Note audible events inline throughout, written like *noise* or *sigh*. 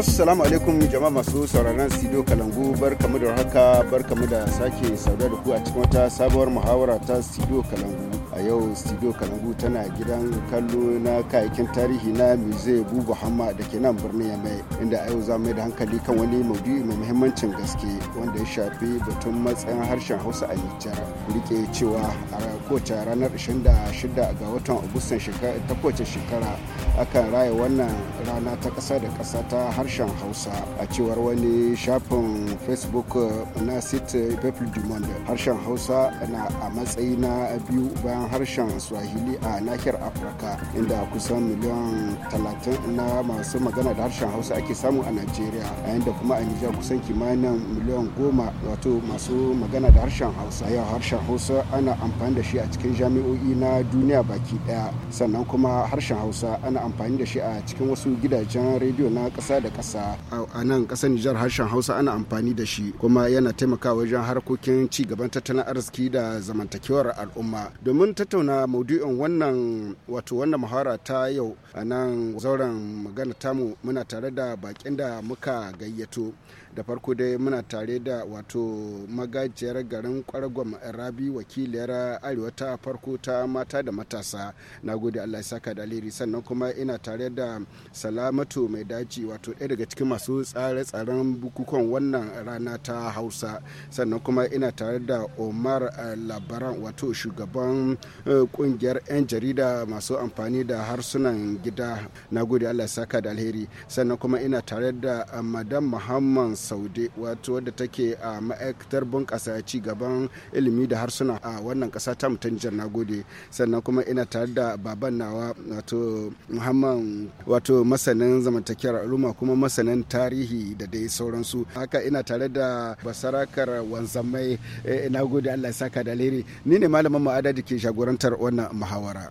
assalamu alaikum jama'a masu sauraron studio kalangu kamu da haka barkamu da sake sauda da ku a cikin wata sabuwar muhawara ta studio kalangu a yau studio kalangu tana gidan kallo na kayakin tarihi na muse bu buhamma da ke nan birnin yamai inda a yau za mu da hankali kan wani maudu'i mai muhimmancin gaske wanda ya shafi batun matsayin harshen hausa a nijar rike cewa a kowace ranar 26 ga watan agustan ta kowace shekara akan raya wannan rana ta kasa da kasa ta harshen harshen hausa a cewar wani shafin facebook eh, na site people du monde harshen hausa na a matsayi na biyu bayan harshen swahili a nahiyar afirka inda kusan miliyan 30 na masu magana da harshen hausa ake samu a nigeria yayin da kuma a nijar kusan kimanin miliyan goma wato masu magana da harshen hausa yau harshen hausa ana amfani da shi a cikin jami'o'i na duniya baki daya sannan kuma harshen hausa ana amfani da shi a cikin wasu gidajen rediyo na ƙasa da ƙasa a nan ƙasar Nijar harshen Hausa ana amfani da shi kuma yana taimakawa wajen harkokin ci gaban tattalin arziki da zamantakewar al'umma domin tattauna maudu'in wannan wato wannan muhawara ta yau a nan zauren magana tamu muna tare da bakin da muka gayyato da farko dai muna tare da wato magajiyar garin kwaragwam rabi wakiliyar arewa ta farko ta mata da matasa na gode allah saka da sannan kuma ina tare da salamatu mai daji wato daga cikin masu tsare-tsaren bukukuwan wannan rana ta hausa sannan kuma ina tare da omar eh, labaran wato shugaban eh, kungiyar 'yan jarida masu amfani da harsunan gida na gode allah saka da alheri sannan kuma ina tare da eh, madam muhammad saude wato wadda take a ma'aikatar bunƙasa ci gaban ilimi da harsuna a wannan ƙasa ta mutum jihar na gode sannan kuma ina tare da baban nawa wato muhammad wato masanin zamantakiyar al'umma kuma masanin tarihi da dai sauransu haka ina tare da basarakar wanzamai eh, na gode allah saka da ni ne malamin ma'ada da ke jagorantar wannan muhawara.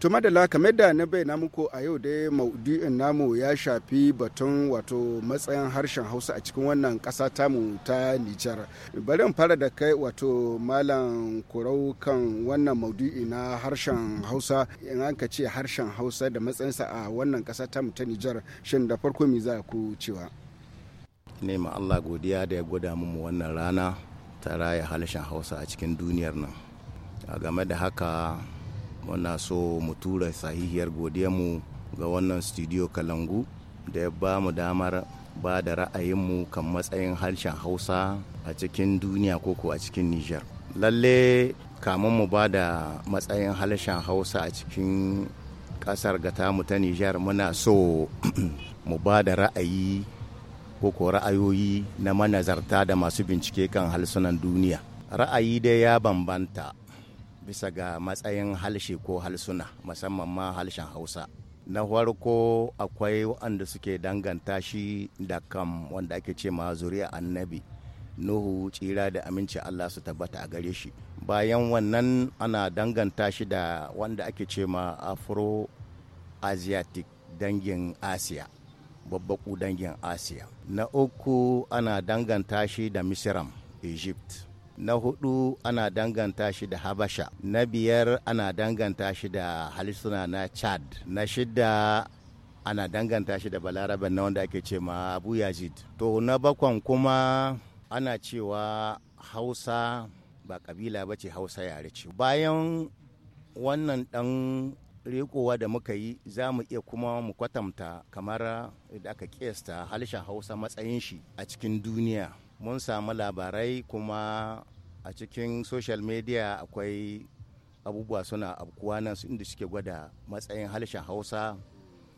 To madala kamar da na bayyana muku a yau dai maudu'in namu ya shafi batun wato matsayin harshen Hausa a cikin wannan kasa tamu ta Nijar. Bari in fara da kai wato malam kurau kan wannan maudu'i na harshen Hausa in an ka ce harshen Hausa da matsayinsa a wannan kasa tamu ta Nijar shin da farko mi za ku cewa? ma Allah godiya da ya gwada mu wannan rana ta raya harshen Hausa a cikin duniyar nan. A game da haka muna so mu tura sahihiyar mu ga wannan studio kalangu da ya ba mu damar ba da ra'ayinmu kan matsayin harshen hausa a cikin duniya koko a cikin nijar. lalle kamun mu ba da matsayin harshen hausa a cikin kasar gata mu ta nijar muna so *clears throat* mu ba da ra'ayi koko ra'ayoyi na manazarta da masu bincike kan harsunan duniya ra'ayi dai ya bambanta bisa ga matsayin halshe ko halsuna musamman ma halshen hausa na farko akwai waɗanda suke danganta shi da kam wanda ake ce ma zuri'a annabi nuhu tsira da aminci allah su tabbata a gare shi bayan wannan ana danganta shi da wanda ake ce ma afro asiatic dangin asiya babbaku dangin asiya na uku ana danganta shi da misiram egypt na hudu ana danganta shi da habasha na biyar ana danganta shi da halisuna na chad na shida ana danganta shi da balaraben na wanda ake ce ma abu yazid to na bakwan kuma ana cewa hausa ba kabila ba ce hausa yare ce bayan wannan dan rikowa da muka yi za mu iya kuma mu kwatamta kamar da aka kiyasta harshen hausa matsayin shi a cikin duniya mun samu labarai kuma a cikin social media akwai abubuwa suna abkuwa nan inda suke gwada matsayin halshen hausa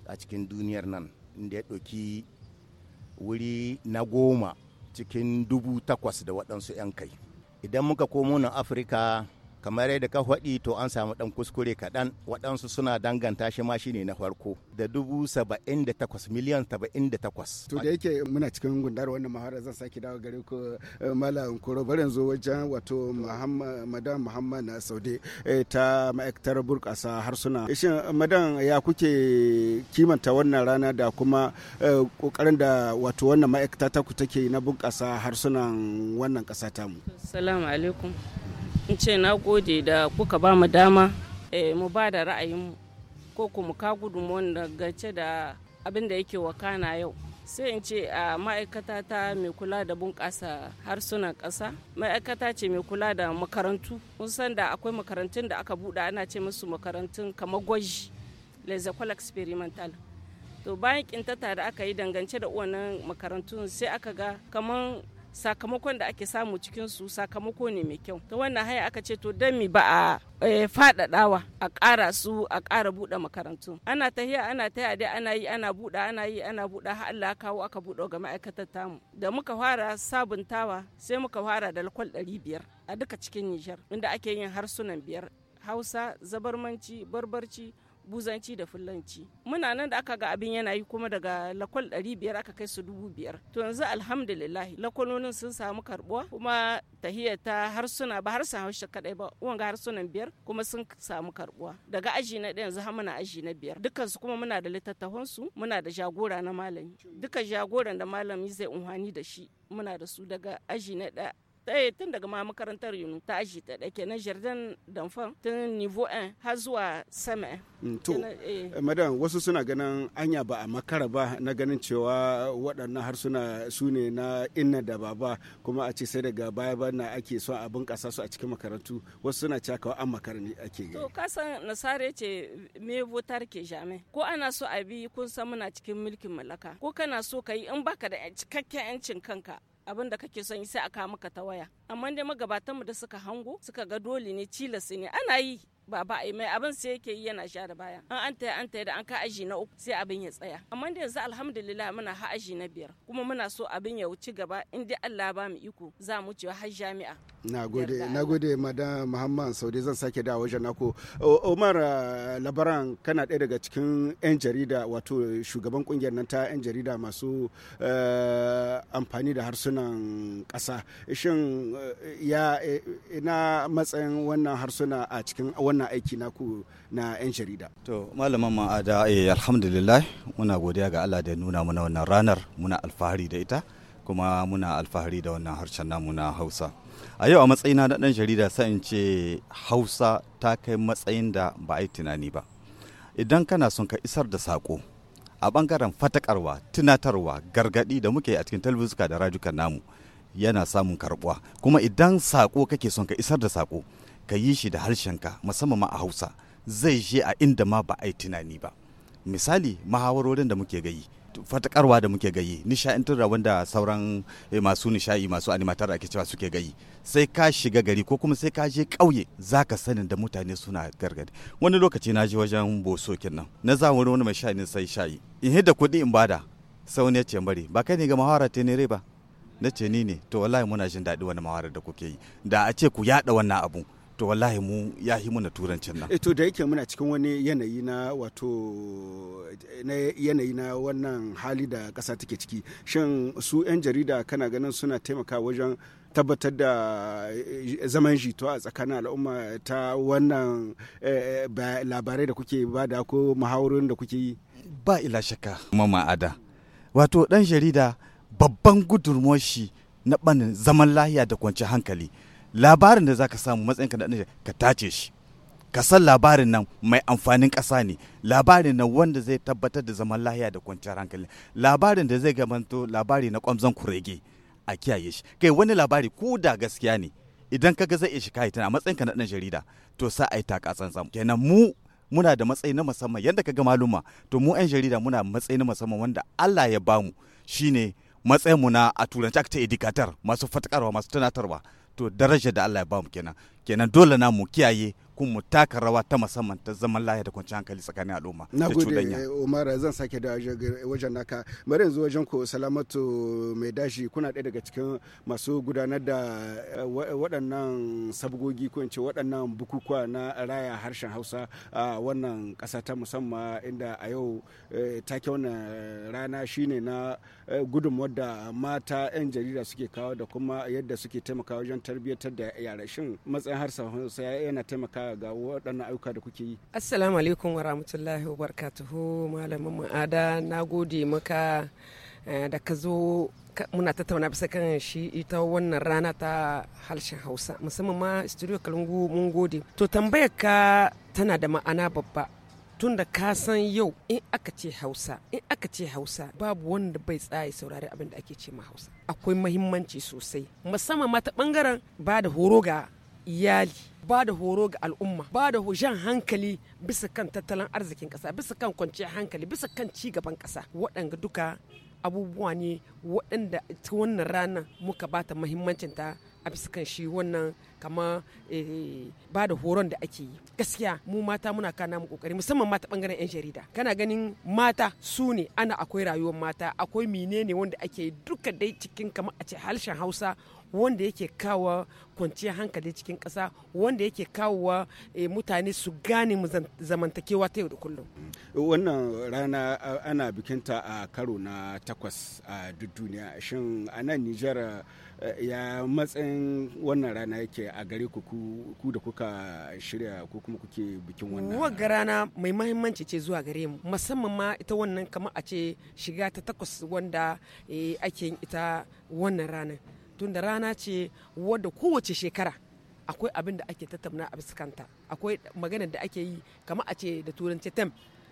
a cikin duniyar nan inda ya ɗauki wuri na goma cikin dubu takwas da waɗansu 'yan kai idan muka komo na afirka kamar yadda ka faɗi to an samu ɗan kuskure kaɗan waɗansu suna danganta shi ma shine na farko da dubu saba'in da takwas miliyan saba'in da takwas. to da yake muna cikin gundar wannan mahara zan sake dawo gare ku eh, malam koro bari yanzu wajen wato madam muhammad na saude eh, ta ma'aikatar burkasa harsuna shin madam ya kuke kimanta wannan rana da kuma kokarin eh, da wato wannan ma'aikata ta ku take na bunƙasa harsunan wannan ƙasa tamu. salamu alaikum in ce na gode da kuka ba mu dama eh, mu ba da ra'ayinmu ko kuma ka gudunmu dangance da abin da yake wakana yau sai in ce a ma'aikata ta mai kula da bunƙasa harsunan ƙasa ma'aikata ce mai kula da makarantu mun san da akwai makarantun da aka buɗe ana ce musu makarantun kamar gwaji les écoles experimental. to bayan kintata da aka yi dangance da wannan makarantun sai aka ga kamar sakamakon da ake samu cikin su sakamako ne mai kyau ta wannan haya aka ce to don mi ba a eh, faɗaɗawa a ƙara su a ƙara buɗe makarantu ana tahiya ana ta dai ana yi ana buɗe ana yi ana buɗe har Allah kawo aka buɗe ga ma'aikatar tamu da muka fara sabuntawa sai muka fara da lakwal ɗari biyar a duka cikin Nijar inda ake yin harsunan biyar Hausa, Zabarmanci, Barbarci, buzanci da fulanci muna nan da aka ga abin yana yi kuma daga lakwal biyar aka kai su dubu biyar to yanzu alhamdulillah lakwalonin sun samu karbuwa kuma tahiyar ta harsuna ba harsun haushe kadai ba wanga harsunan biyar kuma sun samu karbuwa daga aji na ɗaya yanzu har muna aji na biyar dukkan su kuma muna da littattafan su muna da jagora na malami duka jagoran da malami zai unhani da shi muna da su daga aji na ɗaya Eh, tun daga ma makarantar yunu ta aji ta dake na jardin danfan. tun nivo 1 har zuwa sama mm, to eh. Eh, madam wasu suna ganin anya ba a makara ba na ganin cewa waɗannan harsuna su ne na inna da baba kuma a ce sai daga baya ba na ake so a bunƙasa su a cikin makarantu wasu suna cewa kawai an makara ne ake yi. to kasan nasare ce me votar ke jame ko ana so a bi kun san muna cikin mulkin mallaka ko kana so ka yi in baka da cikakken 'yancin kanka abin da kake son yi sai a kawo maka ta waya amma dai magabatanmu da suka hango suka ga dole ne cilas ne ana yi ba ba eh, mai abin sai yake yi yana sha da baya an an taya an da an ka aji na uku sai abin ya tsaya amma da yanzu alhamdulillah muna ha aji na biyar kuma muna so abin ya wuce gaba in dai Allah ba mu iko za mu ci har jami'a nagode nagode madam muhammad saudi zan sake da wajen nako omar eh, labaran kana ɗaya daga cikin yan jarida wato shugaban kungiyar nan ta yan jarida masu eh, amfani da harsunan ƙasa shin ya ina matsayin wannan harsuna a cikin wannan aiki naku na 'yan jarida. To malaman ma'ada eh, alhamdulillah muna godiya ga Allah da nuna muna wannan ranar muna alfahari da ita kuma muna alfahari da wannan harshen namu na Hausa. A yau a matsayina na ɗan jarida sai in ce Hausa ta kai matsayin da ba a yi tunani ba. Idan kana son ka isar da sako a bangaren fatakarwa, tunatarwa, gargaɗi da muke a cikin talbizuka da rajukan namu yana samun karbuwa Kuma idan sako kake son ka isar da sako. ka yi shi da harshenka musamman ma a hausa zai je a inda ma ba a yi tunani ba misali mahawarorin da muke gayi fatakarwa da muke gayi nishaɗantarwa wanda sauran eh, masu nishaɗi masu animatar ake cewa suke gayi sai ka shiga gari ko kuma sai ka je ƙauye za ka sanin da mutane suna gargadi wani lokaci na je wajen bosokin nan na za wani wani mai sha shayi sai shayi in hidda kuɗi in bada sau ne ce bari ba kai ne ga mahawara tenere ba na ce ni ne to wallahi muna jin daɗi wani mahawara da kuke yi da a ce ku yaɗa wannan abu to wallahi mu ya yi muna turancin nan eh, to da yake muna cikin wani yanayi na wato yanayi na wannan hali da kasa take ciki shin su 'yan jarida kana ganin suna taimaka wajen tabbatar da eh, zaman jito a tsakanin al'umma ta wannan eh, labarai da kuke ba da ko muhawarorin da kuke yi ba ila shaka mama ada wato dan jarida babban gudunmuwar shi na banin zaman lahiya da kwanci hankali labarin da zaka samu matsayinka da ka tace shi ka san labarin nan mai amfanin ƙasa ne labarin nan wanda zai tabbatar da zaman lahiya da kwanciyar hankali labarin da zai gamanto labari na kwamzan kurege a kiyaye shi kai wani labari ko da gaskiya ne idan kaga zai shi kai tana matsayinka na dan jarida to sa ai taka tsantsan kenan mu muna da matsayi na musamman yadda kaga maluma to mu 'yan jarida muna matsayi na musamman wanda Allah ya bamu shine matsayin mu na a turanci akta edikatar masu fatakarwa masu tunatarwa to daraja da Allah ya bamu kenan kenan dole na mu kiyaye kun mu taka rawa ta musamman ta zaman lahiya da kwanciyar hankali tsakanin al'umma na gode umar zan sake da wajen naka bari yanzu wajen ku salamatu mai dashi kuna ɗaya daga cikin masu gudanar da eh, waɗannan sabgogi ko ce waɗannan bukukuwa na raya harshen hausa a wannan ƙasa ta musamman inda a yau eh, take wannan rana shine na Eh, gudunmuwar da mata 'yan jarida suke kawo da kuma yadda suke taimakawa wajen tarbiyyatar da yara shin matsayin harsa hausa yana taimakawa ga waɗannan ayyuka da kuke yi assalamu alaikum wa rahmatullahi wa barakatuhu malamin ma'ada na gode maka eh, da ka zo muna tattauna bisa kan shi ita wannan rana ta harshen hausa musamman ma studio kalungu mun gode to tambayar ka tana da ma'ana babba tun da ka san yau in aka ce hausa in aka ce hausa babu wanda bai tsaye saurari abin da ake ce ma hausa akwai mahimmanci sosai musamman mata bangaren ba da horo ga iyali ba da horo ga al'umma ba da jan hankali bisa kan tattalin arzikin kasa bisa kan kwanciyar hankali bisa kan ci gaban kasa waɗanga duka abubuwa ne waɗanda ta wannan rana muka bata mahimmancin ta. a bisa shi wannan kama eh, ba da horon da ake yi gaskiya mu mata muna kana mu kokari musamman mata bangaren yan jarida kana ganin mata su ne ana akwai rayuwar mata akwai menene wanda ake duka dai cikin kama a ce harshen hausa wanda yake kawo kwanciyar hankali cikin kasa wanda yake kawo eh, mutane su gane zamantakewa ta yau da kullum. Mm. wannan rana ana bikinta a karo na takwas a duk duniya shin a nan nijar eh, ya matsayin wannan rana yake a gare ku da kuka shirya ko kuma kuke bikin wannan wagga rana mai mahimmanci ce zuwa gare mu musamman ma ita wannan kamar a ce shiga ta takwas wanda eh, ake ita wannan ranar tunda rana ce wadda kowace shekara akwai abin da ake tattauna a biskanta akwai maganar da ake yi kama a ce da turanci tem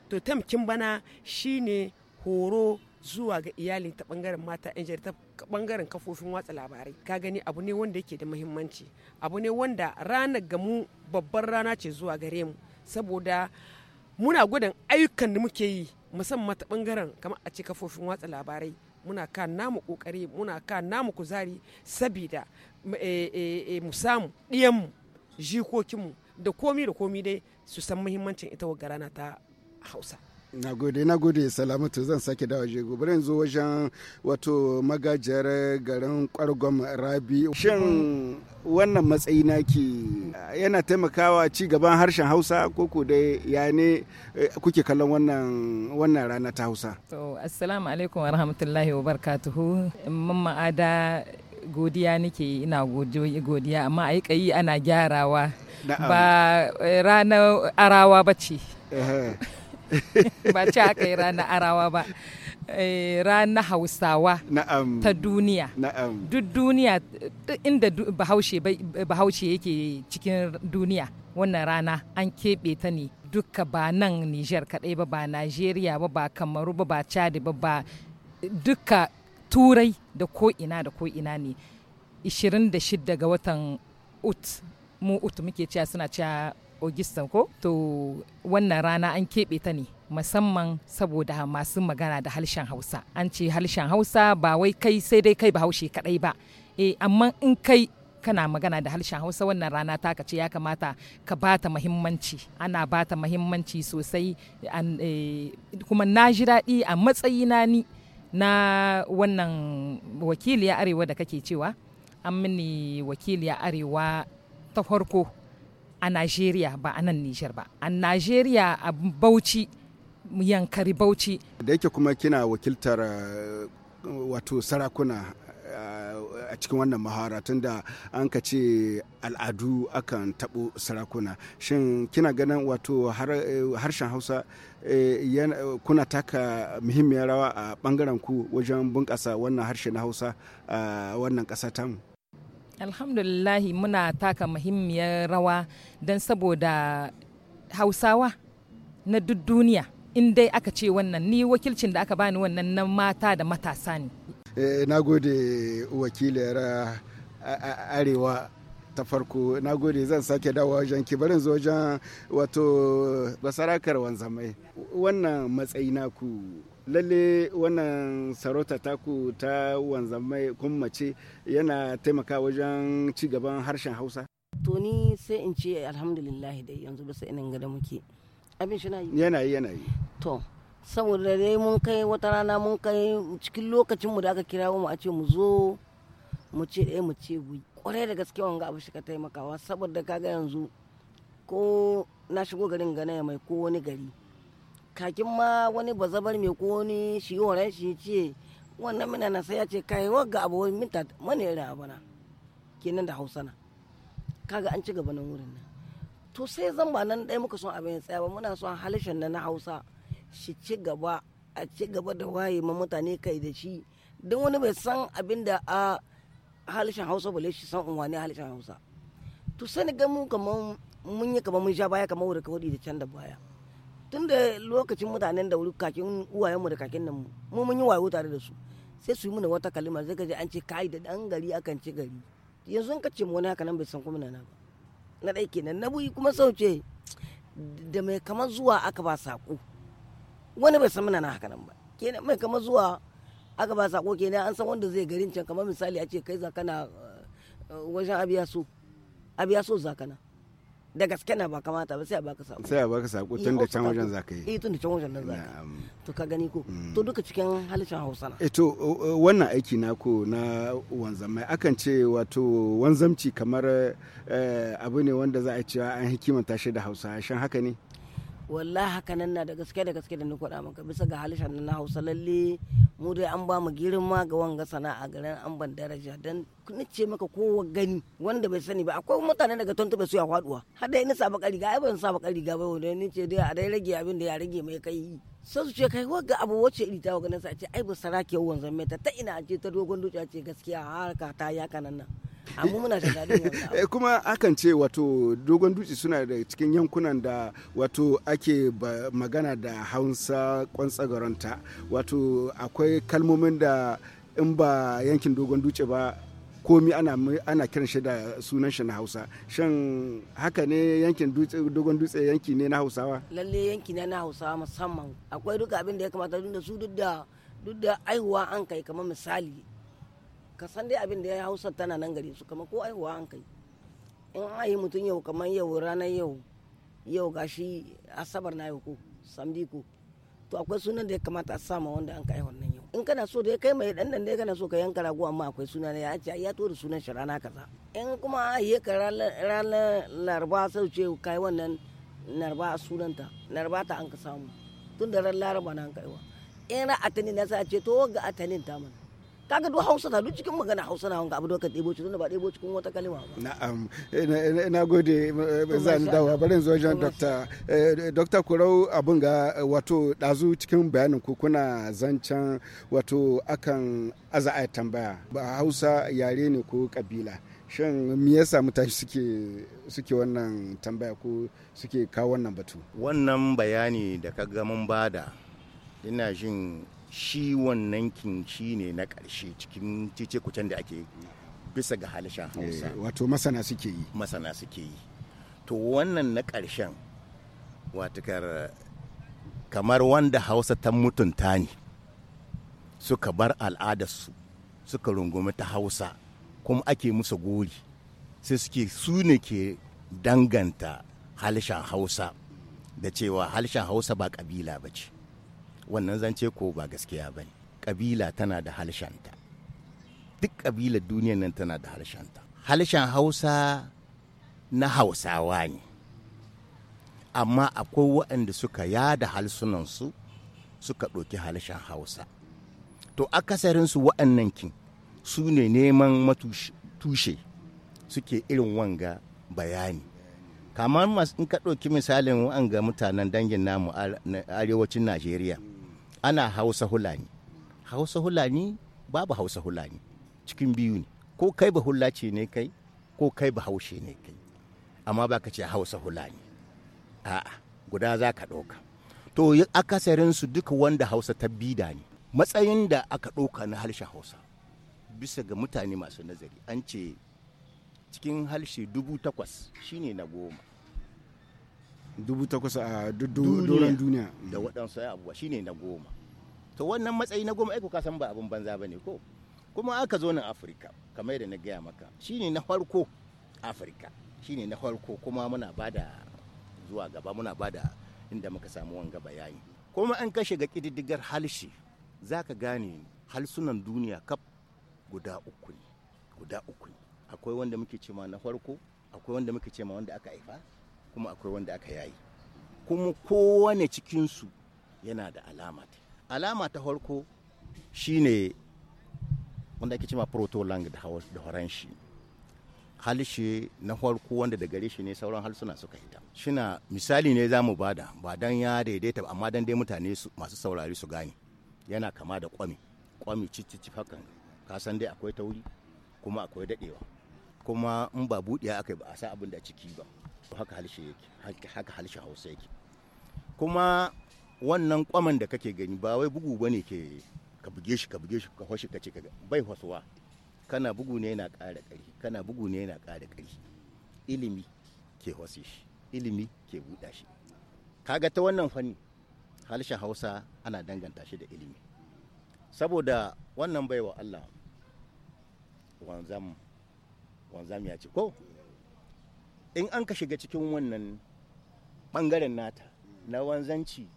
to tem kin bana shine horo zuwa ga iyali ta bangaren mata yan jarida ta bangaren kafofin watsa labarai ka gani abu ne wanda yake da muhimmanci abu ne wanda ranar mu babbar rana ce zuwa gare mu saboda muna gwadan ayyukan da muke yi musamman ta bangaren kama a ce kafofin watsa labarai muna ka namu kokari muna ka namu kuzari sabida eh, eh, eh, mu samu ɗiyanmu jikokinmu da komi da komi dai su san muhimmancin ita wa garana ta hausa na gode na gode salamatu zan sake dawo je gobe yanzu wajen wato magajiyar garin kwargwam rabi shin wannan matsayi naki eh, yana taimakawa ci gaban harshen hausa ko ko dai ya ne eh, kuke kallon wannan rana ta hausa to assalamu alaikum wa rahmatullahi wa barakatuhu godiya nake ina godiya amma a yi ana gyarawa ba eh, ranar arawa ba ce *laughs* ba ci aka yi ranar arawa ba eh, ranar hausawa ta duniya duk duniya inda bahaushe yake cikin duniya wannan rana an keɓe ta ne duka ba nan nijar kaɗai ba ba najeriya ba ba kamaru ba ba chad ba ba duka turai da ko'ina da ko'ina ne 26 ga watan ut mu ut muke cewa suna cewa Augustan ko? To wannan rana an keɓe ta ne musamman saboda masu magana da harshen Hausa. An ce harshen Hausa ba wai kai sai dai kai bahaushe kaɗai ba. E, amma in kai kana magana da harshen hausa wannan rana ta kace ya kamata ka bata mahimmanci ana bata mahimmanci sosai eh, kuma na ji daɗi a matsayina ni na wannan wakiliya arewa da kake cewa an mini wakiliya arewa ta farko a Najeriya ba a nan Nijar ba. A Najeriya a Bauchi yankari Bauchi. Da yake kuma kina wakiltar eh, wato sarakuna eh, a cikin wannan mahara tunda an ka ce al'adu akan taɓo sarakuna shin kina ganin wato eh, harshen hausa kuna taka muhimmiyar rawa a ɓangaren ku wajen bunƙasa wannan harshen na hausa a wannan ƙasa alhamdulillahi muna taka muhimmiyar rawa don saboda hausawa na duk duniya in dai aka ce wannan ni wakilcin da aka bani wannan na mata da matasa ne eh, na gode wakiliyar arewa ta farko na gode zan sake dawo wajen kibarin wajen wato basarakar wanzamai wannan matsayi naku lalle wannan sarauta taku ta wanzamai kun mace yana taimaka wajen ci gaban harshen hausa to ni sai in ce alhamdulillah dai yanzu bisa inin gada muke abin shi yana yi yana yi to saboda dai mun kai wata rana mun kai cikin lokacin mu da aka kira mu a ce mu zo mu ce ɗaya eh, mu ce gui kwarai da gaske wanga abu shi ka taimakawa saboda ka ga yanzu ko na shigo garin gana mai ko wani gari kakin ma wani bazabar mai ko shi shi horon shi ce wannan mina na sai ya ce kai wagga abu wani minta mana irin abu na kenan da hausa na kaga an ci gaba nan wurin nan to sai zan ba nan ɗaya muka son abin ya tsaya ba muna son halishin na na hausa shi ci gaba a ci gaba da waye ma mutane kai da shi don wani bai san abin da a halishin hausa bale shi san ne halishin hausa to sai ni ga mu kamar mun yi kamar mun sha baya kamar wurin kawai da can da baya tun da lokacin mutanen da wuri kakin uwayenmu da kakin nan mu mun yi wayo tare da su sai su yi mana wata kalima zai gaji an ce kai da dan gari akan ci gari yanzu ka ce wani haka nan bai san kuma na ba na dai kenan na bui kuma sauce da mai kamar zuwa aka ba sako wani bai san mana na haka nan ba kenan mai kamar zuwa aka ba sako kenan an san wanda zai garin can kamar misali a ce kai zakana eh, wajen abiya so abiya so zakana da gaske na ba kamata ba sai a baka sako sai a baka sako tun da can wajen zaka yi eh tun da can wajen nan zaka to ka gani ko mm. to duka cikin halishin Hausa na eh to wannan aiki na ko na wanzamai akan ce wato wanzamci kamar eh, abu ne wanda za a cewa an hikimanta shi da Hausa shin haka ne wallahi haka nan na da gaske da gaske da ni kwada maka bisa ga halishan na hausa lalle mu dai an ba mu girma ga wanga sana'a garin an ban daraja dan ni ce maka kowa gani wanda bai sani ba akwai mutane daga tuntube su ya faduwa har dai ni saba kariga ai ban saba kariga ba wanda ni ce dai a dai rage abin da ya rage mai kai sai su ce kai wagga abu wace iri ta wagga nasa ce ai ba sarake yawan zammeta ta ina ce ta dogon dukiya ce gaskiya harka ta ya kanan nan amma muna shiga da eh, kuma akan ce wato dogon dutse suna da cikin yankunan da wato ake magana da hausa kwantsagaronta wato akwai kalmomin da in ba yankin dogon dutse ba komi ana kiran shi da sunan shi na Hausa shan haka ne yankin dogon dutse yanki ne na Hausawa lalle yanki ne na Hausawa musamman akwai duka abin da ya kamata duk da su duk da duk da aihuwa an kai kamar misali ka san dai abin da ya Hausa tana nan gare su kamar ko aihuwa an kai in yi mutum yau kamar yau ranar yau yau gashi asabar na yau ko samdi ko to akwai sunan da ya kamata a sama wanda an kai wannan yau in kana so da kai mai dan dan da kana so ka yanka rago amma akwai sunan ya ce ya to da sunan shi rana kaza in kuma ya ka ranar larba sau ce kai wannan narba a sunanta narba ta an ka samu tun da ran laraba na an kaiwa in ra atanin na sa ce to ga atanin ta mana kaga duk hausa ta duk cikin magana hausa na wanga abu da ka ɗebo shi ba ɗebo cikin wata kalima ba na'am na gode eh, zan dawa bari in zo Dr. dokta eh, dokta kurau abun ga wato ɗazu cikin bayanin ku kuna zancen wato akan aza a tambaya ba hausa yare ne ko kabila shin me yasa mutane suke suke wannan tambaya ko suke kawo wannan batu wannan bayani da ka ga mun bada ina jin shi wannan kinci ne na ƙarshe cikin cice kucen da ake bisa ga halishan eh, hausa wato masana suke yi masana suke yi to wannan na ƙarshen watakar kamar wanda hausa ta mutunta ne suka bar al'adarsu suka rungumi ta hausa kuma ake musu gori sai suke su ne ke danganta halishan hausa da cewa halishan hausa ba ƙabila ba ce wannan zance ko ba gaskiya ba ne ƙabila tana da halshanta duk ƙabilar duniyar nan tana da halshanta halshen hausa na hausawa ne amma akwai waɗanda suka yada halsunansu suka ɗauki halshen hausa to akasarinsu waɗannan kin su ne neman matushe suke irin wanga bayani kamar in ka ɗauki misalin wanga mutanen dangin namu arewacin najeriya ana hausa hulani hausa hulani babu hausa hulani cikin biyu ne ko kai ba hulace ne kai ko kai ba haushe ne kai amma ba ka ce hausa hulani a'a guda za ka ɗauka to akasarin su duka wanda hausa ta bida ne matsayin da aka ɗauka na harshen hausa bisa ga mutane masu nazari an ce cikin harshe dubu takwas shine na goma dubu takwas a doron duniya da waɗansu abubuwa shine na goma to wannan matsayi na goma aiko ka san ba abin banza ba ne ko kuma aka zo nan afirka kamar yadda na gaya maka shine na farko afirka shine na farko kuma muna bada zuwa gaba muna bada inda muka samu wanga bayani kuma an kashe ga ƙididdigar halshe za ka gane halsunan duniya kaf guda uku ne guda uku ne akwai wanda muke cema na farko akwai wanda muke cema wanda aka haifa kuma akwai wanda aka yayi kuma kowane cikinsu yana da alama alama ta farko shine wanda ake cewa proto lang da horon shi halshe na farko wanda da gare shi ne sauran halsuna suka hita shina misali ne za mu bada ba dan ya daidaita amma dan dai mutane masu saurari su gane yana kama da kwami kwami cicici hakan kasan dai akwai tauri kuma akwai dadewa kuma in ba budiya aka yi ba a sa abin da ciki ba haka halshe yake haka halshe hausa yake kuma wannan kwaman da kake gani ba wai bugu ba ne ke ka buge shi ka buge shi ka hoshi ka ce bai hasuwa kana bugu ne yana ƙara ƙari kana bugu ne yana ƙara ƙari ilimi ke hosi shi ilimi ke buɗa shi kaga ta wannan fanni harshen hausa ana danganta shi da ilimi saboda wannan baiwa allah wanzam wanzam ya ce ko in an ka shiga cikin wannan bangaren nata na wanzanci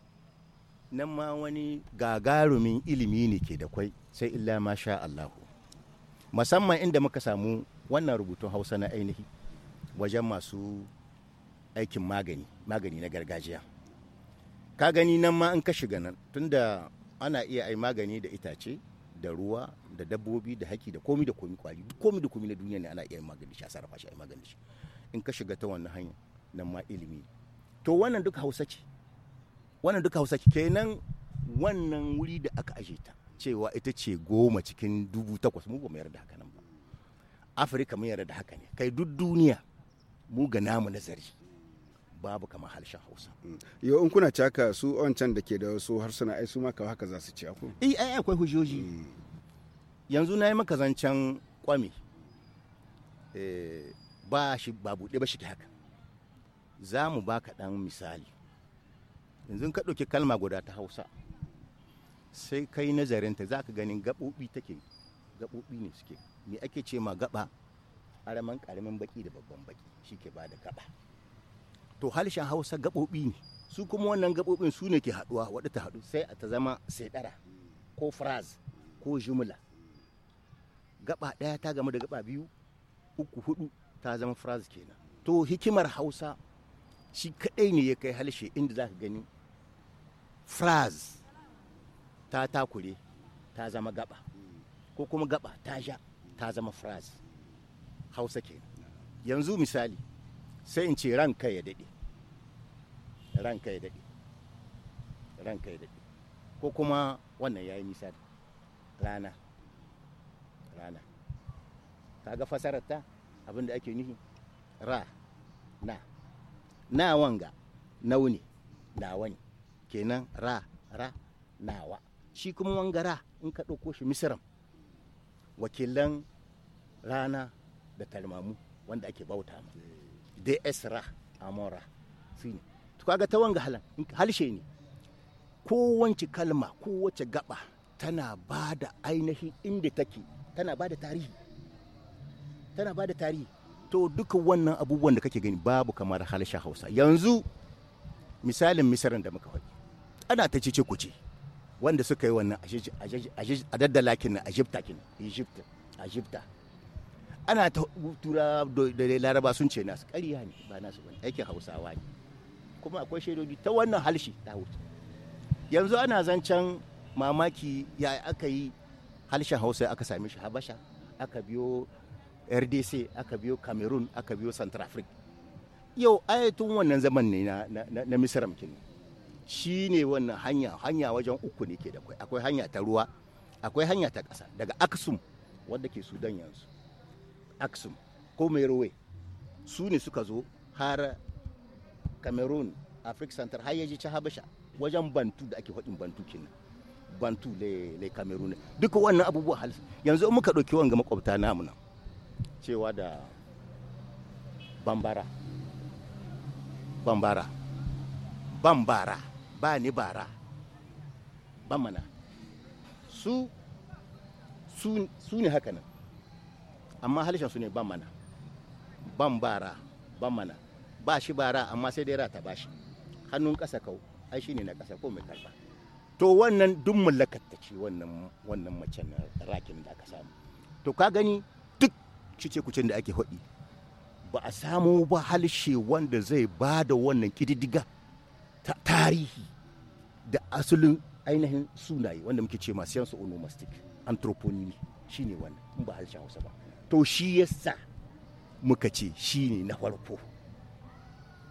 nan ma wani gagarumin ilimi ne ke da kwai sai illa ma sha Allahu musamman inda muka samu wannan rubutun hausa na ainihi wajen masu aikin magani magani na gargajiya ka gani nan ma in ka shiga nan tunda ana iya ai magani da itace da ruwa da dabbobi da haki da komi da komi kwari komi da komi na duniya ne ana iya magani shi a sarrafa shi a magani shi in ka shiga ta wannan hanya nan ma ilimi to wannan duka hausa ce wannan duka hausa ce kenan wannan wuri da aka aje ta cewa ita ce goma cikin dubu takwas mu ba mu yarda haka nan ba afirka mun yarda da haka ne kai duk duniya mu ga namu nazari babu kamar harshen hausa mm. yau in kuna caka su wancan da ke da wasu harsuna ai su ma kawai haka za su ci ku eh ai akwai hujjoji mm. yanzu na yi maka zancen kwame eh, ba shi ba buɗe ba shi ta haka za mu ba ka ɗan misali yanzu ka ɗauki kalma guda ta hausa sai kai nazarinta za ka ganin gaɓoɓi take gaɓoɓi ne suke me ake ce ma gaɓa araman ƙaramin baƙi da babban baƙi shi ke ba da gaɓa to halishan hausa gaɓoɓi ne su kuma wannan gaɓoɓin su ne ke haɗuwa wadda ta haɗu sai a ta zama sai ɗara ko fraz ko jumla gaɓa ɗaya ta game da gaɓa biyu uku huɗu. ta zama phrase kenan to hikimar hausa shi kadai ne ya kai halshe inda za ka gani phrase ta takure ta zama gaba ko kuma gaba ta sha ta zama phrase hausa kenan yanzu misali sai in ce ranka ya daɗe ranka ya daɗe ranka ya daɗe ko kuma wannan ya yi misali rana rana ka ga fasarar ta abin da ake nufi ra na na wanga nauni ne nawa kenan ra ra nawa shi kuma wanga ra in ka ɗauko shi misiram wakilan rana da talmamu wanda ake bauta ma ds ra amora su ne to kaga ta wanga halan halshe ne kowace kalma kowace gaba tana ba da ainihin inda take tana ba da tarihi tana ba da tarihi to duka wannan abubuwan da kake gani babu kamar halisha hausa yanzu misalin misarin da muka faɗi ana ta cece kuce wanda suka yi wannan a daddala kin a jibta a jibta ana ta tura da laraba sun ce nasu ƙarya ne ba nasu wani aikin hausawa ne kuma akwai shaidodi ta wannan halshi ta hutu yanzu ana zancen mamaki ya aka yi halshen hausa aka same shi habasha aka biyo rdc aka biyo cameroon aka biyo africa yau ayatun wannan zaman ne na, na, na, misira shi ne wannan hanya hanya wajen uku ne ke da kwai akwai hanya ta ruwa akwai hanya ta ƙasa daga aksum wadda ke sudan yanzu aksum ko merowe su ne suka zo har cameroon africa center har yaji ci habasha wajen bantu da ake faɗin bantu kenan bantu le, le cameroon duka wannan abubuwa yanzu muka ɗauki wanga makwabta namu nan cewa da bambara bambara bambara ba ni bara ban mana su su, su ne haka nan amma halishan su ne ban mana ban bara mana ba shi bara amma sai dai rata ba shi hannun ƙasa kau ai shi ne na ƙasa ko mai karba to wannan duk mallakar ta ce wannan wannan macen rakin da aka samu to ka gani cice kucin da ake faɗi ba a samu ba halshe wanda zai ba da wannan ƙididdiga ta tarihi da asalin ainihin sunaye wanda muke ce masu yansu onomastic anthroponymy shine wannan in ba halshen hausa ba to shi yasa muka ce shi ne na farko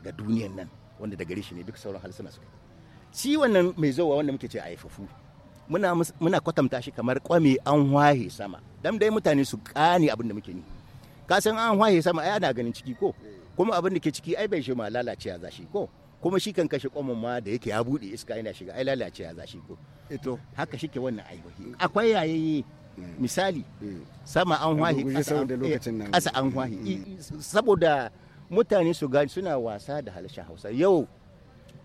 ga duniyan nan wanda da gare shi ne duk sauran halsuna suka shi wannan mai zowa wanda muke ce a haifafu muna, kwatanta shi kamar kwame an wahe sama dam dai mutane su kane abin da muke ni ka san an hwaye sama ai ana ganin ciki ko eh. kuma abin da ke ciki ai bai shi ma lalacewa za shi ko kuma shi kan kashe kwamon ma da yake ya bude iska yana shiga ai lalacewa za shi ko eh to haka shike wannan aiwahi akwai yayaye eh. misali sama an hwahi ƙasa an hwahi mm. saboda mutane su gani suna wasa da halashen hausa yau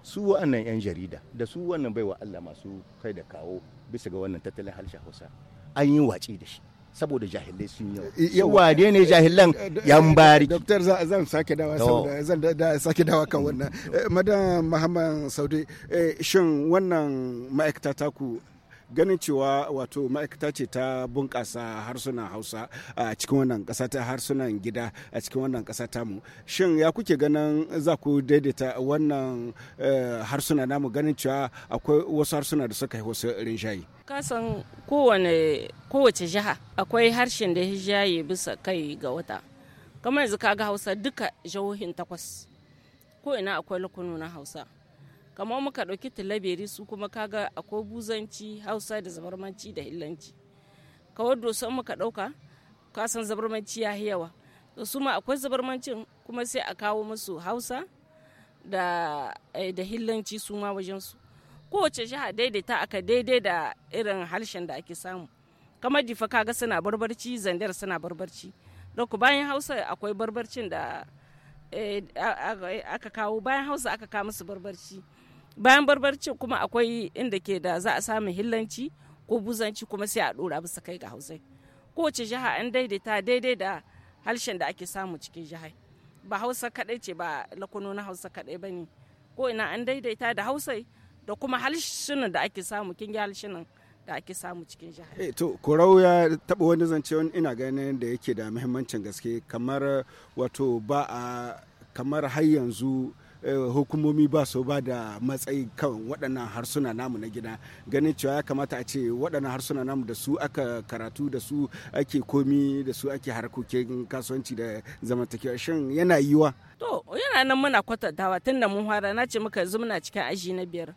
su wa'annan 'yan jarida da su wannan baiwa allah masu kai da kawo bisa ga wannan tattalin halashen hausa an yi watsi da shi saboda jahilai sun yau yawa ne ne jahilan eh, yan eh, bari doktor zan sake dawa saboda zan da sake dawa kan wannan eh, madam muhammad saudi shin wannan ma'aikata ku ganin cewa wato ma'aikata ce ta bunƙasa harsunan hausa a cikin wannan ƙasa ta harsunan gida a cikin wannan ƙasa mu. shin ya kuke ganin za ku daidaita wannan eh, harsuna namu ganin cewa akwai wasu harsuna da suka yi wasu rinshayi kasan kowane kowace jiha akwai harshen da hijaye bisa kai ga wata kamar yanzu kaga hausa duka jihohin takwas ko ina akwai lukunu na hausa kamar muka ɗauki tilaberi su kuma kaga akwai buzanci hausa da zabarmanci da hillanci kawar doso muka ɗauka kasan zabarmanci ya yawa to su ma akwai zabarmancin kuma sai a kawo musu hausa da, eh, da hillanci su ma wajensu kowace jiha daidaita aka daidai da irin harshen da ake samu kamar difa kaga suna barbarci zandar suna barbarci don bayan hausa akwai barbarcin da eh, aka kawo bayan hausa aka kawo musu barbarci bayan barbarci kuma akwai inda ke da za a samu hillanci ko buzanci kuma sai a dora bisa kai ga hausai kowace jiha an daidaita daidai da harshen da ake samu cikin jihar ba hausa kadai ce ba lakuno na hausa kadai ba ne ko ina an daidaita da hausai da kuma harshenan da ake samu kin ga harshenan da ake samu cikin jihar. Eh, to korau ya taba wani zance wani ina ganin da yake da muhimmancin gaske kamar wato ba a kamar har yanzu Eh, hukumomi ba su ba da matsayi kan waɗannan harsuna namu na gida ganin cewa ya kamata a ce waɗannan harsuna namu da su aka karatu da su ake komi da su ake harkokin kasuwanci da zamantakewa shin yana yiwa to yana nan muna kwatantawa tun da mun fara na ce muka yanzu muna cikin aji na biyar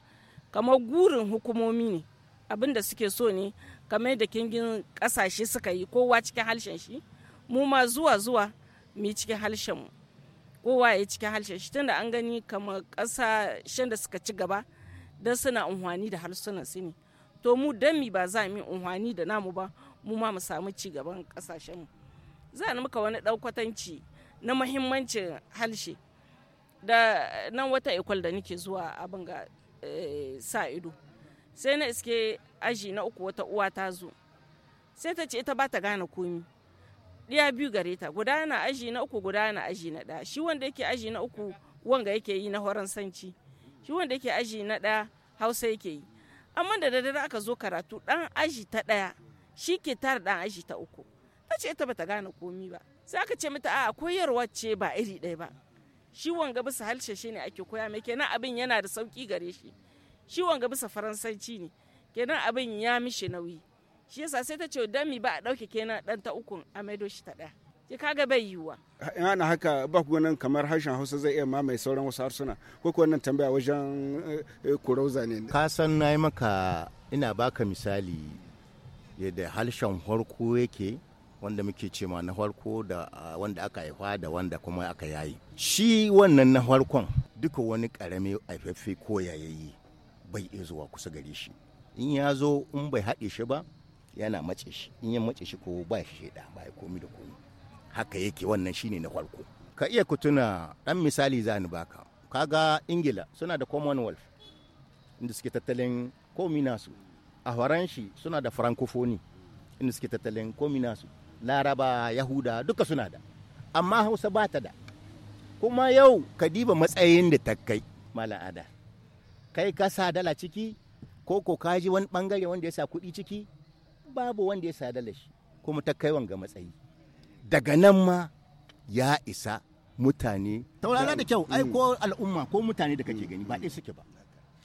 kamar gurin hukumomi ne abin da suke so ne kamar da kingin kasashe suka yi kowa cikin harshen shi mu ma zuwa zuwa mu cikin halshen mu kowa ya cikin harshen shi tunda an gani kamar ƙasashen da suka ci gaba don suna unhwani da harsunan su ne to mu don mi ba za mu unhwani da namu ba mu ma mu samu ci gaban mu. za ni muka wani ɗaukwatanci na muhimmancin harshe da nan wata ikwal da nake zuwa abin ga eh, sa ido sai na iske aji na uku wata uwa ta zo sai ta ce ita ba ta gane komi ɗiya biyu gare ta guda yana aji na uku guda yana aji na ɗaya shi wanda yake aji na uku wanga yake yi na sanci shi wanda yake aji na ɗaya hausa yake yi amma da daddare aka zo karatu ɗan aji ta ɗaya shi ke tara ɗan aji ta uku ta ce ita bata gane komi ba sai aka ce mata a koyarwa ce ba iri ɗaya ba shi wanga bisa halshe shi ne ake koya mai kenan abin yana da sauki gare shi shi wanga bisa faransanci ne kenan abin ya mishi nauyi shi yasa sai ta ce dan mi ba a dauke kenan dan ta ukun a maido shi ta daya ki kaga bai yiwa ina na haka ba ku nan kamar harshen hausa zai iya mamaye sauran wasu harsuna ko ko wannan tambaya wajen eh, kurauza ne ka san nayi maka ina baka misali yadda harshen harko yake wanda muke ce ma na farko da wanda aka haifa da wanda kuma aka yayi shi wannan na harkon duka wani karami aifaffe ko yayayi bai iya zuwa kusa gare shi in ya zo in bai haɗe shi ba yana mace shi in ya mace shi ko ba shi shaida ba ya komi da komi haka yake wannan shine na farko ka iya kutuna dan misali za ni baka kaga ingila suna da commonwealth inda suke tattalin komi nasu a faranshi suna da francophone inda suke tattalin komi nasu laraba yahuda duka suna da amma hausa ba ta da kuma yau ka diba matsayin da ta kai mala'ada kai ka sa dala ciki ko ko ka ji wani bangare wanda ya sa kuɗi ciki babu wanda ya sada da shi kuma ta kai wanga matsayi daga nan ma ya isa mutane taurara da kyau ai hmm. ko al'umma ko mutane da kake gani ba ɗaya suke ba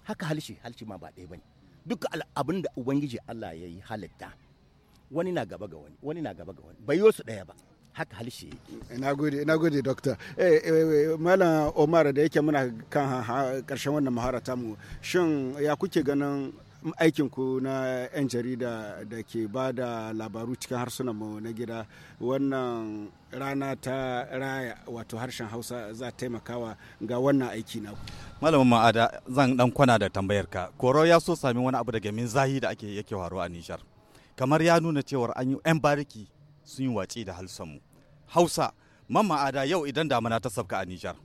haka halshe halshe ma ba ɗaya bane duk abin da ubangiji Allah ya yi halitta wani na gaba ga wani wani na gaba ga wani bai su ɗaya ba haka halshe yake ina gode ina gode doctor eh, eh, eh, malam Omar da yake muna kan karshen wannan maharata mu shin ya kuke ganin aikin ku na 'yan jarida da ke ba da labaru cikin harsunan mu na gida wannan rana ta raya wato harshen hausa za taimakawa ga wannan aiki na malamin ma'ada zan dan kwana da tambayar ka koro ya so sami wani abu daga min zahi da ake yake waro a nishar kamar ya nuna cewar an yi 'yan bariki sun yi watsi da halsanmu hausa man ma'ada yau idan damana ta sabka a nijar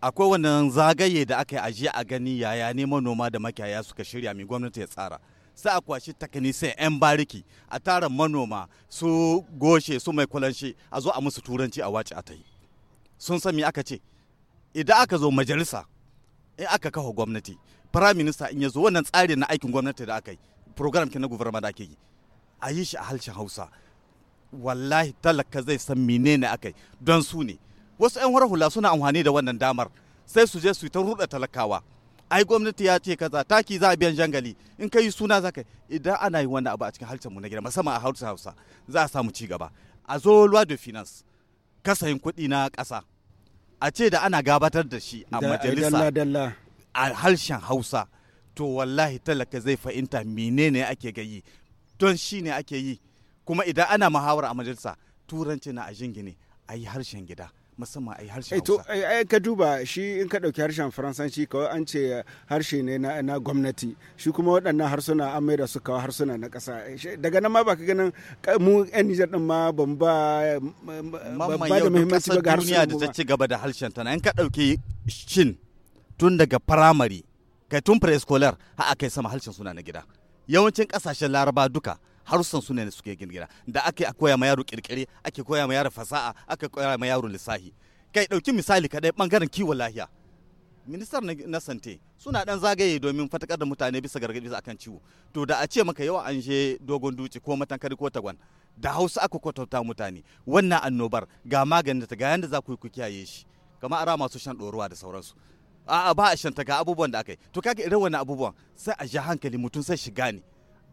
akwai wannan zagaye da aka yi ajiya a gani yaya ne manoma da makiyaya suka shirya mai gwamnati ya tsara sai a kwashi takanisai 'yan bariki a tara manoma su goshe su mai kwalanshi a zo a musu turanci a wace a ta yi sun san aka ce idan aka zo majalisa in aka kafa gwamnati firaminista in ya zo wannan tsari na aikin gwamnati da aka yi program ke na guverma da ake yi a yi shi a halshen hausa wallahi talaka zai san menene aka yi don su ne wasu 'yan hula suna amfani da wannan damar sai su je su yi ta ruɗa talakawa ai gwamnati ya ce kaza taki za a biyan jangali in ka yi suna za ka idan ana yin wannan abu a cikin harshen mu na gida musamman a hausa hausa za a samu cigaba a zo luwa da finance kasayin kuɗi na kasa a ce da ana gabatar da shi a majalisa a harshen hausa to wallahi talaka zai fahimta menene ake yi don shi ne ake yi kuma idan ana muhawar a majalisa turanci na a jingine a yi harshen gida musamman a yi harshen eh, hausa. Eh, ai ka duba shi in ka ɗauki harshen faransanci kawai an ce harshe ne na gwamnati shi kuma waɗannan harsuna an da su kawai harsuna na ƙasa eh, daga nan ma ba ka ganin mu 'yan nijar ɗin ma ban ba ba da muhimmanci ba ga harshen duniya da ta ci gaba da harshen ta in ka ɗauki shin tun daga firamare kai tun preschooler har kai sama harshen suna na gida yawancin ƙasashen laraba duka harsun su ne suke girgira da ake koya ma yaro kirkire ake koya ma yaro fasaha ake koya ma yaro lissahi kai ɗauki misali kaɗai bangaren kiwon lahiya ministar na sante suna dan zagaye domin fatakar da mutane bisa gargaɗi akan ciwo to da a ce maka yawa an je dogon duci ko matankari ko tagwan da hausa aka kwatanta mutane wannan annobar ga maganin ta ga yanda za ku yi ku kiyaye shi kama ara masu shan ɗoruwa da sauransu a'a ba a shan ta ga abubuwan da aka yi to kaga irin wannan abubuwan sai a ja hankali mutum sai shiga ne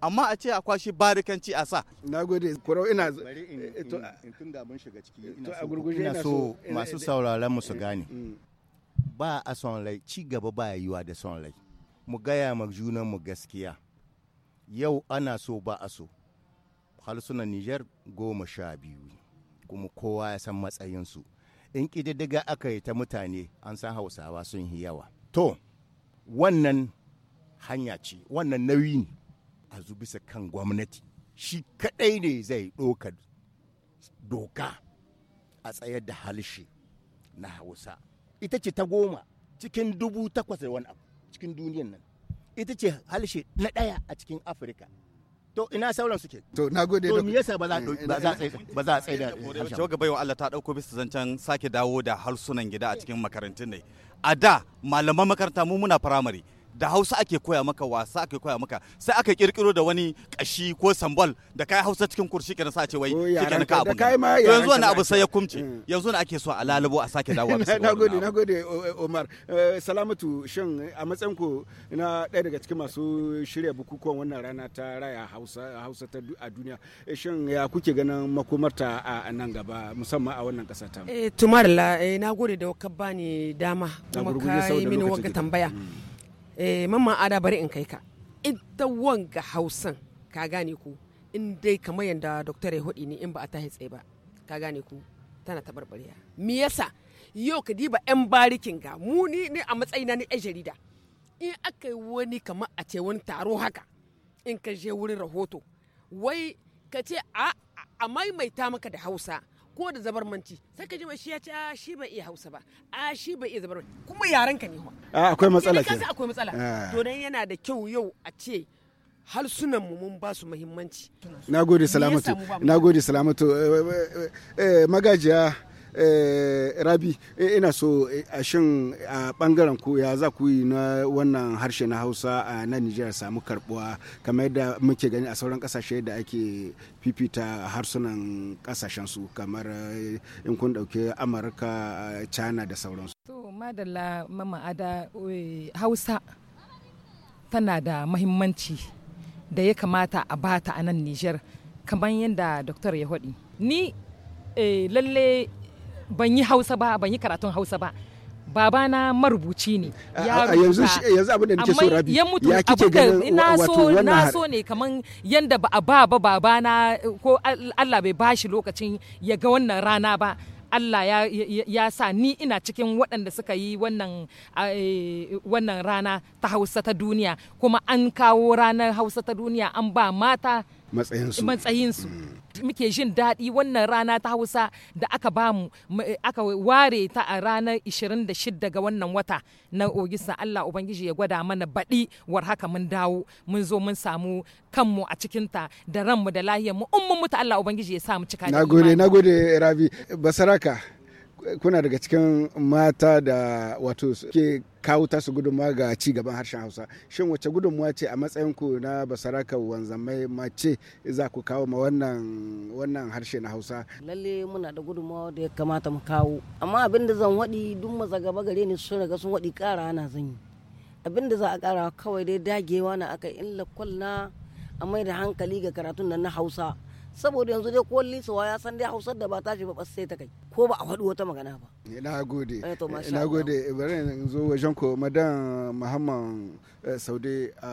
amma a ce a kwashi barikanci a sa na gode kurau ina ina so masu sauraron mu su mm. gane mm. ba a son rai ci gaba ba yiwa da son rai mu gaya ma junan mu gaskiya yau ana so ba a so harsunan Nijar goma sha biyu kuma kowa ya san matsayinsu in ƙididdiga aka yi ta mutane an san hausawa sun yi yawa to wannan hanya ce wannan nauyi ne a bisa kan gwamnati shi kadai ne zai ɗoka doka a tsayar da halshe na hausa ita ce ta goma cikin dubu takwas da wani abu cikin duniyan nan ita ce halshe na ɗaya a cikin afirka to ina sauran suke to na gode to yasa ba za ba za eh, tsaye da harshen ga gaba Allah ta dauko bisa zancen sake dawo da harsunan gida a cikin makarantun ne a da malaman makaranta mu muna firamare da hausa ake koya maka wasa ake koya maka sai aka kirkiro da wani kashi ko sambal da kai hausa cikin kurshi kenan sa ce wai shikenan ka abun yanzu wani abu sai ya kumce hmm. yanzu ne ake so a lalabo a sake dawo *laughs* na gode na gode Omar eh, salamatu shin a matsayin ku na ɗaya daga cikin masu shirya bukukuwan wannan rana ta raya hausa hausa ta a duniya eh, shin ya kuke ganin makomarta a nan gaba musamman a wannan ƙasa ta eh tumarla eh na gode da ka bani dama kuma ka yi mini wanga tambaya hmm. Eh, mamma ada bari in kai ka ita wanga hausan ka gane ku in dai kamar yadda doktor ya hudi ne in ba a tahi tsaye ba ka gane ku tana ta barbariya me yasa yau ka diba yan barikin ga mu ni a matsayina ni yan jarida in aka yi wani kamar a ce wani taro haka in ka je wurin rahoto wai ka ce a maimaita maka da hausa ko da zabarmanci sai ka ji mai shi ya ce a ah, shi bai iya hausa ba a ah, shi bai iya zabarmanci kuma yaran ka ne a ah, akwai matsala ke akwai matsala to dan yana da kyau yau a ce harsunan mu mun ba su muhimmanci nagode salamatu nagode salamatu eh, eh, eh, magajiya Eh, rabi eh, ina so eh, a shin a bangaren ku ya za ku yi na wannan harshe na hausa a na nijar samu karbuwa kamar yadda muke gani a sauran kasashe da ake fifita harsunan kasashen su kamar in kun dauke amurka china da sauransu to madalla mama ada hausa tana da mahimmanci da ya kamata a bata a nan nijar kamar yadda doktor ya hodi ni lalle ban yi hausa ba ban yi karatun hausa ba babana marubuci ne ya yanzu eh, da nake so rabi ya mutu ganin na so na so ne kaman yanda ba a ba ba babana ko Allah bai ba shi lokacin ya ga wannan rana ba Allah ya, ya, ya sa ni ina cikin waɗanda suka yi wannan eh, rana ta Hausa ta duniya kuma an kawo ranar Hausa ta duniya an ba mata matsayinsu matsayinsu mm. muke jin daɗi wannan rana ta hausa da aka bamu eh, aka ware ta a ranar 26 ga wannan wata na ogisa Allah ubangiji ya gwada mana baɗi war haka mun dawo mun zo mun samu kanmu a cikinta da ranmu da lahiyarmu in mun mutu Allah ubangiji ya samu cika da nagode nagode rabi basaraka kuna daga cikin mata da wato ke kawo tasu gudunmawa ga ci gaban harshen hausa shin wace gudunmawa ce a matsayinku na basaraka wanzamai mace za ku kawo ma wannan wannan harshe na hausa lalle muna da gudunmawa da ya kamata mu kawo amma abin da zan waɗi duk maza gaba gare ni sun riga sun waɗi ƙara ana zan yi abin da za a ƙara kawai dai dagewa na aka illa kwalla a mai da hankali ga karatun nan na hausa saboda yanzu dai ko lisuwa ya san dai hausar da ba ta shi ba sai ta kai ko ba a faɗi wata magana ba ina eh, gode ina eh, eh, gode bari in zo wajen ko madan muhammad saude a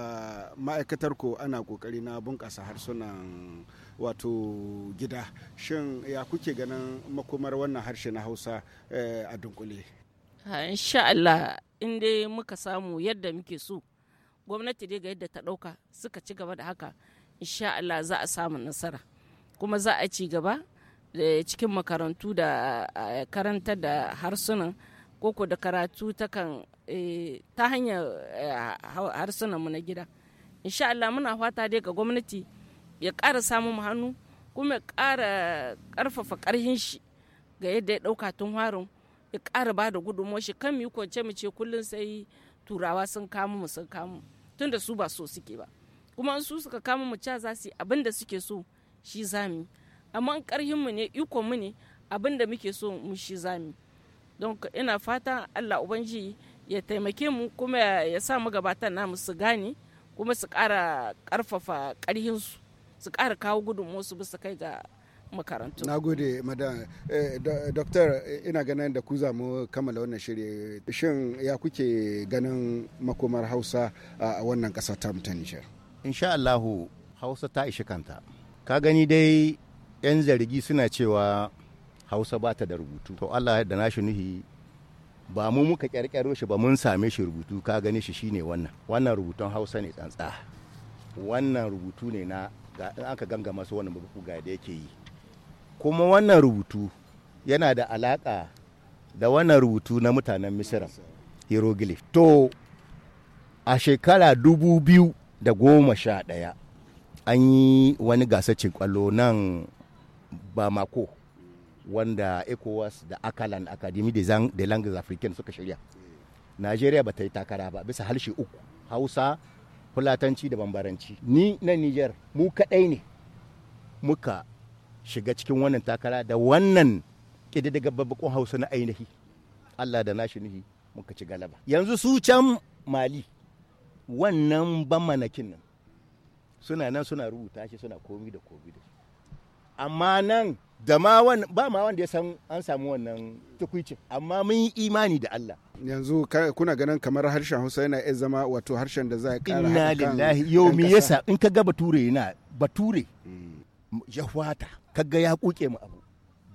ma'aikatar ko ana kokari na bunƙasa harsunan wato gida shin ya kuke ganin makomar wannan harshe na hausa a dunkule insha Allah in dai muka samu yadda muke so gwamnati dai ga yadda ta ɗauka suka ci gaba da haka insha Allah za a samu nasara kuma za a ci gaba eh, cikin makarantu da eh, karanta da harsunan koko da karatu ta kan eh, ta hanyar harsunanmu na gida insha Allah muna fata dai ga gwamnati ya ƙara samun hannu kuma ya ƙara ƙarfafa ƙarhin shi ga yadda ya ɗauka tun harin ya ƙara ba da gudunmuwa shi kan mu kwance mu ce kullum sai turawa sun kamu mu sun kamu tunda su ba so suke ba kuma su suka kamu mu ca za su yi abin da suke so shi zami amma karhin mu ne ikon mu ne abin da muke so mu shi zami don ina fata Allah ubanji ya taimake mu kuma ya sa mu gabatan namu su gane kuma su kara karfafa ƙarhinsu su kara kawo gudun gudunmuwarsu bisa kai ga makarantu. Na gode, madam. Eh, Doktor, ina ganin da ku zamu kammala wannan shiri. Shin ya kuke ganin makomar Hausa a wannan ƙasa ta mutan Nijar? Insha Allahu, Hausa ta ishi kanta. ka gani dai 'yan zargi suna cewa hausa ba ta da rubutu to allah da nashi nuhi ba mu muka kyarkyaro shi ba mun same shi rubutu ka gani shi shine wannan wannan rubutun hausa ne tsantsa wannan rubutu ne na ga in aka gangama su wannan babu ga da yake yi kuma wannan rubutu yana da alaka da wannan rubutu na mutanen misira hieroglyph to a shekara dubu biyu da goma sha ɗaya an yi wani gasacin kwallo nan bamako wanda ecowas da akalan akademi de langues africaines suka shirya najeriya ba ta yi takara ba bisa harshe uku hausa fulatanci da bambaranci ni na niger mu kadai ne muka shiga cikin wannan takara da wannan daga babbakon hausa na ainihi allah da nashi nihi muka ci galaba yanzu su can mali wannan ban nan suna nan suna rubuta shi suna komi da komi da amma nan da ma ba ma wanda ya san an samu wannan tukwicin amma mun yi imani da Allah yanzu kuna ganin kamar harshen Hausa yana iya zama wato harshen da za a kara inna lillahi yau me yasa in ka ga bature yana bature hmm. ya hwata ga ya kuke mu abu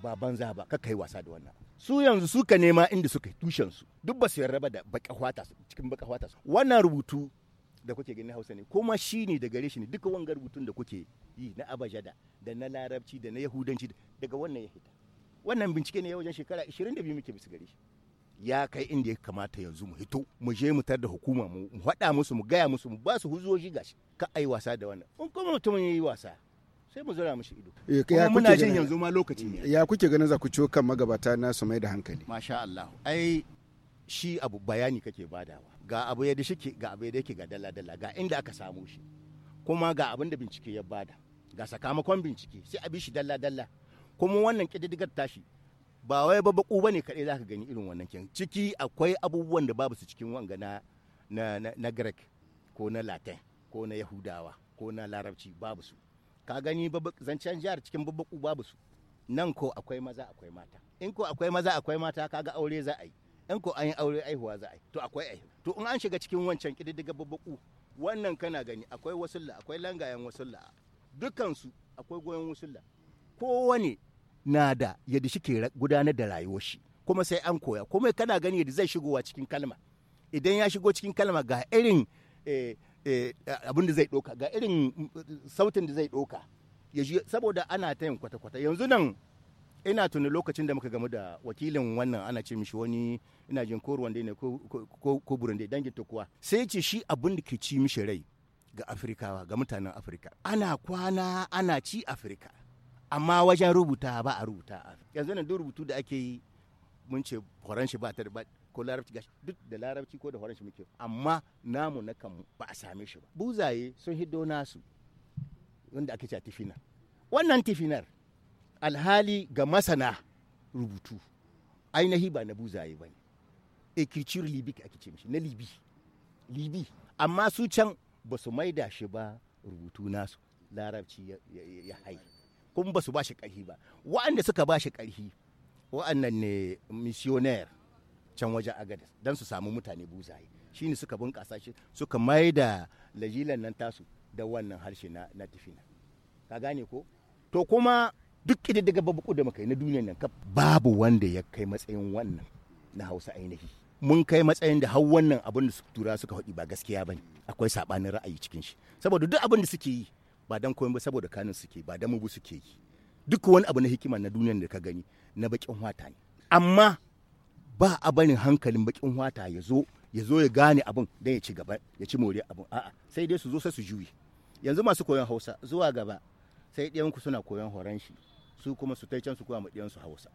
ba banza ba ka kai wasa da wannan su yanzu suka nema inda suka tushen su duk ba su yarda da baka cikin baka hwata wannan rubutu da kuke gani hausa ne kuma shi ne da gare shi ne duka wangar rubutun da kuke yi na abajada da na larabci da na yahudanci daga wannan ya fita wannan bincike ne ya wajen shekara 22 muke bisa gare shi ya kai inda ya kamata yanzu mu hito mu je mu tar da hukuma mu hada musu mu gaya musu mu ba su huzoji gashi ka ai wasa da wannan in kuma mutum ya yi wasa sai mu zura mishi ido eh, kuma muna jin yanzu ma lokaci ne ya kuke ganin za ku ciwo kan magabata na su mai da hankali masha Allah ai shi abu bayani kake badawa ga abu yadda shike ga abu yadda yake ga dala-dala ga inda aka samu shi kuma ga abin da bincike ya bada ga sakamakon bincike sai a bi shi dala-dala kuma wannan ƙididdigar tashi ba wai ba baku bane kaɗai za ka gani irin wannan kin ciki akwai abubuwan da babu su cikin wanga na na, na, greek ko na latin ko na yahudawa ko na larabci babu su ka gani zancen jihar cikin babbaku babu su nan ko akwai maza akwai mata in ko akwai maza akwai mata kaga aure za a yi in ko an yi aure aihuwa za a yi to akwai ai to in an shiga cikin wancan kididdiga babbaku wannan kana gani akwai wasulla akwai langayen wasulla su akwai goyon wasulla kowane na da yadda shi ke gudanar da rayuwar shi kuma sai an koya kuma kana gani yadda zai shigowa cikin kalma idan ya shigo cikin kalma ga irin eh, eh, abin da zai doka ga irin eh, sautin da zai doka saboda ana ta yin kwata-kwata yanzu nan ina tuni lokacin da muka gamu da wakilin wannan ana ce mishi wani ina jin ko ruwan ne ko burundi dangin ta kuwa sai ce shi abin da ke ci mishi rai ga afirkawa ga mutanen afirka ana kwana ana ci afirka amma wajen rubuta ba a rubuta yanzu nan duk rubutu da ake yi mun ce horon shi ba ta da ko larabci gashi duk da larabci ko da horon shi muke amma namu na kanmu ba a same shi ba buzaye sun hiddo nasu wanda ake ce tifinar wannan tifinar alhali ga masana rubutu ainihi ba na buzaye ba ne ekircir eh, libi ake ce mishi na libi libi amma su can ba su maida shi ba rubutu nasu larabci ya hai kuma ba su ba shi ƙarfi ba wa'anda suka ba shi ƙarfi wa'annan ne missionaire can wajen agadis don su samu mutane buzaye shine suka bunƙasa shi suka maida lajilan nan tasu da wannan harshe na tafina ka gane ko to kuma duk daga babu da muka na duniyan nan kaf babu wanda ya kai matsayin wannan na hausa ainihi mun kai matsayin da har wannan abin da tura suka haɗi ba gaskiya bane akwai sabanin ra'ayi cikin shi saboda duk abin da suke yi ba dan koyon ba saboda kanin suke ba dan mubu suke yi duk wani abu na hikima na duniyan da ka gani na bakin wata ne amma ba a barin hankalin bakin wata ya zo ya zo ya gane abin dan ya ci gaba ya ci more abin a'a sai dai su zo sai su juyi yanzu masu koyon hausa zuwa gaba sai ku suna koyon horon shi su kuma su tai su kuma ma su hausa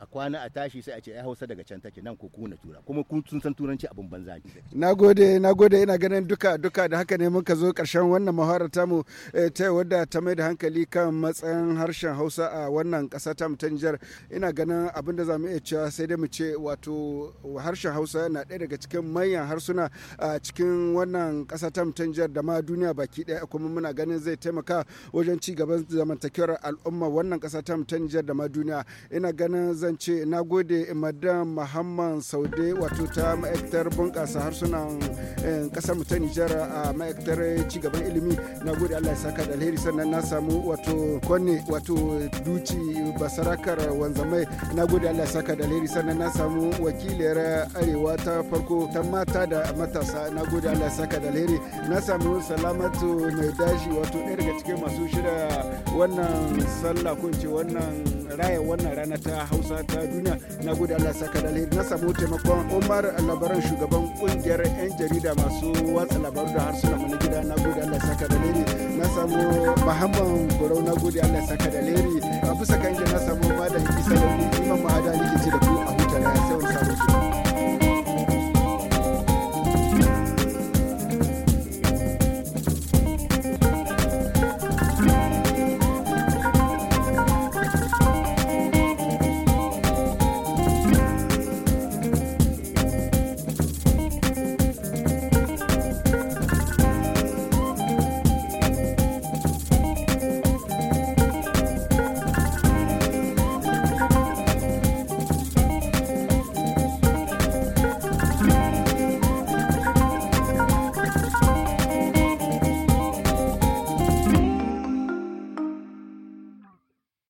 a kwana a tashi sai a ce ya hausa daga can take nan ko kuna tura kuma kun sun san turanci abin banza ne nagode nagode ina ganin duka duka da haka ne muka zo karshen wannan muhawara ta mu eh, ta wadda ta mai da hankali kan matsayin harshen Hausa a wannan kasa ta mu ta Nijar ina ganin abin da zamu iya cewa sai dai mu ce wato harshen Hausa na ɗaya daga cikin manyan harsuna a cikin wannan kasa ta mu ta Nijar da ma duniya baki ɗaya kuma muna ganin zai taimaka wajen ci gaban zamantakewar al'umma wannan kasa ta mu ta Nijar da ma duniya ina ganin zance na gode eh, madam muhammad saude wato ta ma'aikatar bunƙasa harsunan eh, ƙasar ta nijar a ma'aikatar cigaban ilimi na gode allah ya saka da alheri sannan na samu wato kwanne wato duci basarakar wanzamai na gode allah ya saka da alheri sannan na samu wakiliyar arewa ta farko ta mata da matasa na gode allah ya saka da alheri na samu salamatu mai daji wato ɗaya daga cikin masu shirya wannan sallah ko ce wannan raya wannan rana ta hausa ta duniya na gode allah saka da alheri na samu taimakon umar labaran shugaban kungiyar yan jarida masu watsa labaru da harsuna mana gida na gode allah saka da alheri na samu muhammad gorau na gode allah saka da alheri a bisa kan na samu madan isa da imam mahada nake ci da ku a